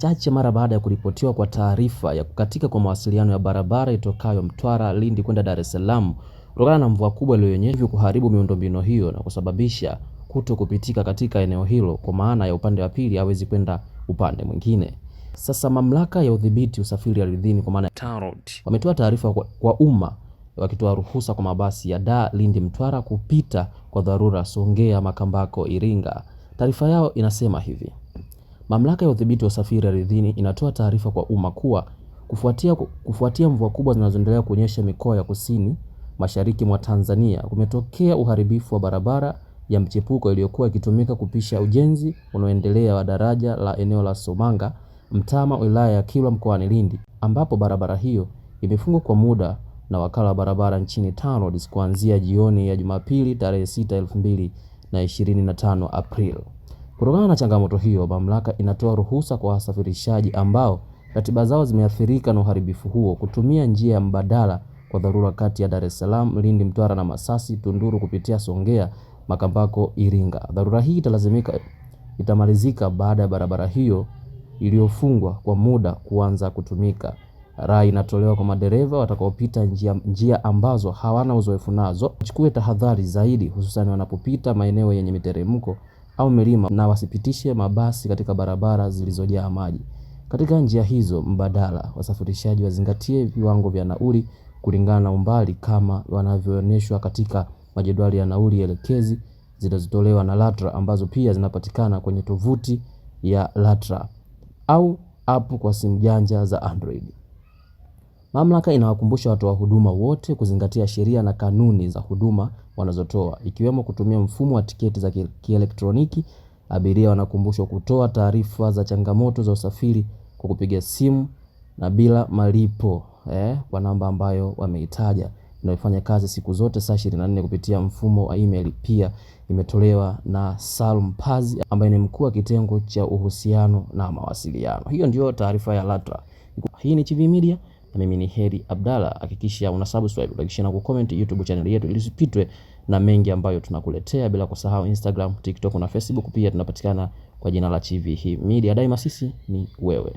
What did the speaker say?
Chache mara baada ya kuripotiwa kwa taarifa ya kukatika kwa mawasiliano ya barabara itokayo Mtwara Lindi kwenda Dar es Salaam kutokana na mvua kubwa iliyonyesha hivyo kuharibu miundombinu hiyo na kusababisha kuto kupitika katika eneo hilo kwa maana ya upande wa pili hawezi kwenda upande mwingine. Sasa mamlaka ya udhibiti usafiri ardhini kwa maana ya TANROADS wametoa taarifa kwa, kwa umma wakitoa ruhusa kwa mabasi ya Dar Lindi Mtwara kupita kwa dharura Songea Makambako Iringa. Taarifa yao inasema hivi: Mamlaka ya Udhibiti wa Usafiri Ardhini inatoa taarifa kwa umma kuwa kufuatia, kufuatia mvua kubwa zinazoendelea kunyesha mikoa ya Kusini Mashariki mwa Tanzania kumetokea uharibifu wa barabara ya mchepuko iliyokuwa ikitumika kupisha ujenzi unaoendelea wa daraja la eneo la Somanga Mtama wilaya ya Kilwa mkoani Lindi ambapo barabara hiyo imefungwa kwa muda na wakala wa barabara nchini TANROADS kuanzia jioni ya Jumapili tarehe 6 2025 Aprili. Kutokana na changamoto hiyo, mamlaka inatoa ruhusa kwa wasafirishaji ambao ratiba zao zimeathirika na uharibifu huo kutumia njia mbadala kwa dharura kati ya Dar es Salaam, Lindi, Mtwara na Masasi, Tunduru kupitia Songea, Makambako, Iringa. Dharura hii italazimika itamalizika baada ya barabara hiyo iliyofungwa kwa muda kuanza kutumika. Rai inatolewa kwa madereva watakaopita njia, njia ambazo hawana uzoefu nazo, wachukue tahadhari zaidi hususan wanapopita maeneo yenye miteremko au milima na wasipitishe mabasi katika barabara zilizojaa maji. Katika njia hizo mbadala, wasafirishaji wazingatie viwango vya nauli kulingana na umbali kama wanavyoonyeshwa katika majedwali ya nauli elekezi zinazotolewa na LATRA ambazo pia zinapatikana kwenye tovuti ya LATRA au app kwa simu janja za Android. Mamlaka inawakumbusha watoa huduma wote kuzingatia sheria na kanuni za huduma wanazotoa, ikiwemo kutumia mfumo wa tiketi za kielektroniki. Abiria wanakumbushwa kutoa taarifa za changamoto za usafiri kwa kupiga simu na bila malipo eh, kwa namba ambayo wameitaja inayofanya kazi siku zote saa 24 kupitia mfumo wa email. Pia imetolewa na Salum Pazi ambaye ni mkuu wa kitengo cha uhusiano na mawasiliano. Hiyo ndio taarifa ya LATRA. Hii ni Chivihi Media. Mimi ni Heri Abdalla, hakikisha una subscribe, hakikisha share na kucomment YouTube channel yetu ili usipitwe na mengi ambayo tunakuletea, bila kusahau Instagram, TikTok na Facebook pia tunapatikana kwa jina la Chivihi Media. Daima sisi ni wewe.